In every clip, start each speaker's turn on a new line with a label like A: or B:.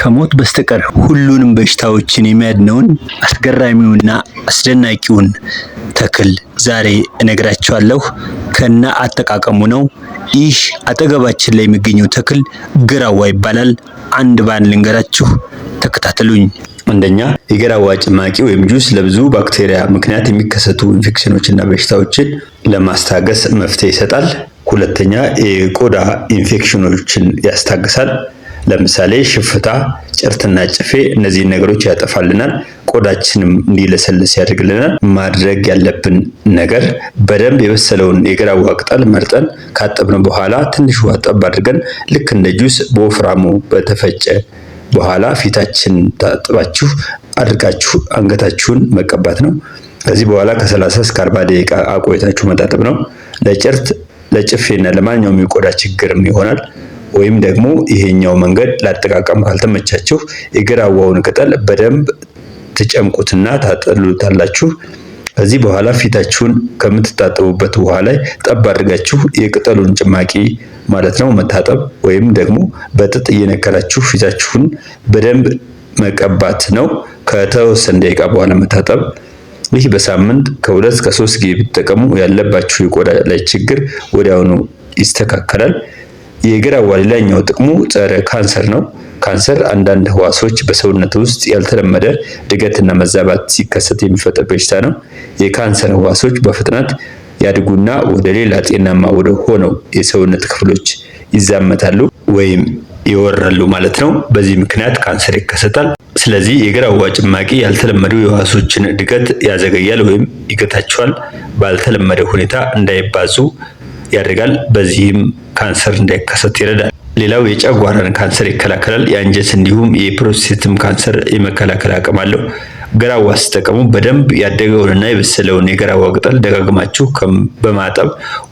A: ከሞት በስተቀር ሁሉንም በሽታዎችን የሚያድነውን አስገራሚውና አስደናቂውን ተክል ዛሬ እነግራችኋለሁ። ከነ አጠቃቀሙ ነው። ይህ አጠገባችን ላይ የሚገኘው ተክል ግራዋ ይባላል። አንድ ባን ልንገራችሁ፣ ተከታተሉኝ።
B: አንደኛ የግራዋ ጭማቂ ወይም ጁስ ለብዙ ባክቴሪያ ምክንያት የሚከሰቱ ኢንፌክሽኖችና በሽታዎችን ለማስታገስ መፍትሄ ይሰጣል። ሁለተኛ የቆዳ ኢንፌክሽኖችን ያስታግሳል። ለምሳሌ ሽፍታ፣ ጭርትና ጭፌ እነዚህን ነገሮች ያጠፋልናል። ቆዳችንም እንዲለሰልስ ያደርግልናል። ማድረግ ያለብን ነገር በደንብ የበሰለውን የግራዋ ቅጠል መርጠን ካጠብን በኋላ ትንሽ ውሃ ጠብ አድርገን ልክ እንደ ጁስ በወፍራሙ በተፈጨ በኋላ ፊታችን ታጥባችሁ አድርጋችሁ አንገታችሁን መቀባት ነው። ከዚህ በኋላ ከሰላሳ እስከ 40 ደቂቃ አቆይታችሁ መጣጠብ ነው። ለጭርት ለጭፌና ለማንኛውም የቆዳ ችግርም ይሆናል። ወይም ደግሞ ይሄኛው መንገድ ላጠቃቀም ካልተመቻችሁ የግራዋውን ቅጠል በደንብ ትጨምቁትና ታጠሉታላችሁ። ከዚህ በኋላ ፊታችሁን ከምትታጠቡበት ውሃ ላይ ጠብ አድርጋችሁ የቅጠሉን ጭማቂ ማለት ነው መታጠብ ወይም ደግሞ በጥጥ እየነከራችሁ ፊታችሁን በደንብ መቀባት ነው። ከተወሰነ ደቂቃ በኋላ መታጠብ። ይህ በሳምንት ከሁለት ከሶስት ጊዜ ብትጠቀሙ ያለባችሁ የቆዳ ላይ ችግር ወዲያውኑ ይስተካከላል። የግራ ዋልያ ሌላኛው ጥቅሙ ጸረ ካንሰር ነው። ካንሰር አንዳንድ ህዋሶች በሰውነት ውስጥ ያልተለመደ እድገትና መዛባት ሲከሰት የሚፈጠር በሽታ ነው። የካንሰር ህዋሶች በፍጥነት ያድጉና ወደ ሌላ ጤናማ ወደ ሆነው የሰውነት ክፍሎች ይዛመታሉ ወይም ይወራሉ ማለት ነው። በዚህ ምክንያት ካንሰር ይከሰታል። ስለዚህ የግራዋ ጭማቂ ያልተለመዱ የህዋሶችን እድገት ያዘገያል ወይም ይገታቸዋል። ባልተለመደ ሁኔታ እንዳይባዙ ያደርጋል። በዚህም ካንሰር እንዳይከሰት ይረዳል። ሌላው የጨጓራን ካንሰር ይከላከላል። የአንጀት እንዲሁም የፕሮስቴትም ካንሰር የመከላከል አቅም አለው። ግራዋ ስትጠቀሙ በደንብ ያደገውንና የበሰለውን የግራዋ ቅጠል ደጋግማችሁ በማጠብ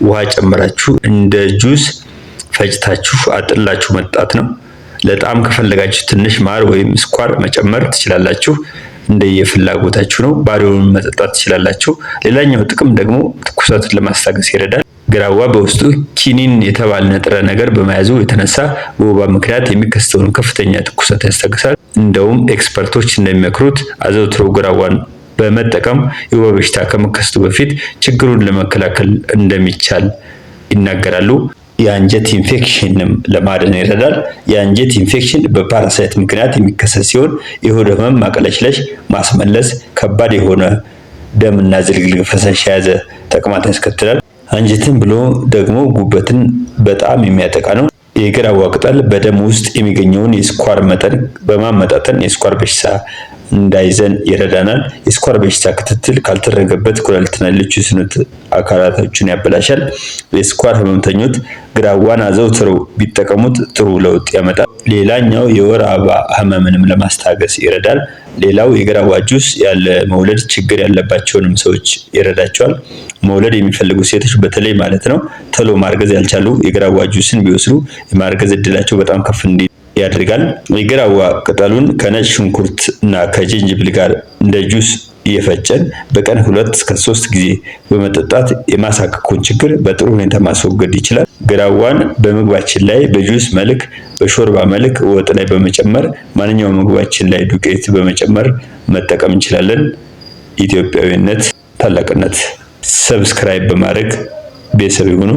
B: ውሃ ጨምራችሁ እንደ ጁስ ፈጭታችሁ አጥላችሁ መጣት ነው። ለጣም ከፈለጋችሁ ትንሽ ማር ወይም ስኳር መጨመር ትችላላችሁ። እንደየፍላጎታችሁ ነው። ባሪውን መጠጣት ትችላላችሁ። ሌላኛው ጥቅም ደግሞ ትኩሳቱን ለማስታገስ ይረዳል። ግራዋ በውስጡ ኪኒን የተባለ ንጥረ ነገር በመያዙ የተነሳ በወባ ምክንያት የሚከሰተውን ከፍተኛ ትኩሳት ያስታግሳል። እንደውም ኤክስፐርቶች እንደሚመክሩት አዘውትሮ ግራዋን በመጠቀም የወባ በሽታ ከመከሰቱ በፊት ችግሩን ለመከላከል እንደሚቻል ይናገራሉ። የአንጀት ኢንፌክሽንም ለማዳን ይረዳል። የአንጀት ኢንፌክሽን በፓራሳይት ምክንያት የሚከሰት ሲሆን የሆድ ህመም፣ ማቅለሽለሽ፣ ማስመለስ፣ ከባድ የሆነ ደምና ዝልግልግ ፈሳሽ የያዘ ተቅማጥ ያስከትላል። አንጀትን ብሎ ደግሞ ጉበትን በጣም የሚያጠቃ ነው። የግራዋ ቅጠል በደም ውስጥ የሚገኘውን የስኳር መጠን በማመጣጠን የስኳር በሽታ እንዳይዘን ይረዳናል። የስኳር በሽታ ክትትል ካልተደረገበት ኩላሊትና ሌሎች ስኑት አካላቶችን ያበላሻል። የስኳር ህመምተኞች ግራዋን አዘውትረው ቢጠቀሙት ጥሩ ለውጥ ያመጣል። ሌላኛው የወር አበባ ህመምንም ለማስታገስ ይረዳል። ሌላው የግራዋ ጁስ ያለ መውለድ ችግር ያለባቸውንም ሰዎች ይረዳቸዋል። መውለድ የሚፈልጉ ሴቶች በተለይ ማለት ነው ቶሎ ማርገዝ ያልቻሉ የግራዋ ጁስን ቢወስዱ የማርገዝ እድላቸው በጣም ከፍ እንዲ ያደርጋል። የግራዋ ቅጠሉን ከነጭ ሽንኩርት እና ከጅንጅብል ጋር እንደ ጁስ እየፈጨን በቀን ሁለት እስከ ሶስት ጊዜ በመጠጣት የማሳከኩን ችግር በጥሩ ሁኔታ ማስወገድ ይችላል። ግራዋን በምግባችን ላይ በጁስ መልክ፣ በሾርባ መልክ ወጥ ላይ በመጨመር ማንኛውም ምግባችን ላይ ዱቄት በመጨመር መጠቀም እንችላለን። ኢትዮጵያዊነት ታላቅነት። ሰብስክራይብ በማድረግ ቤተሰብ ይሁኑ።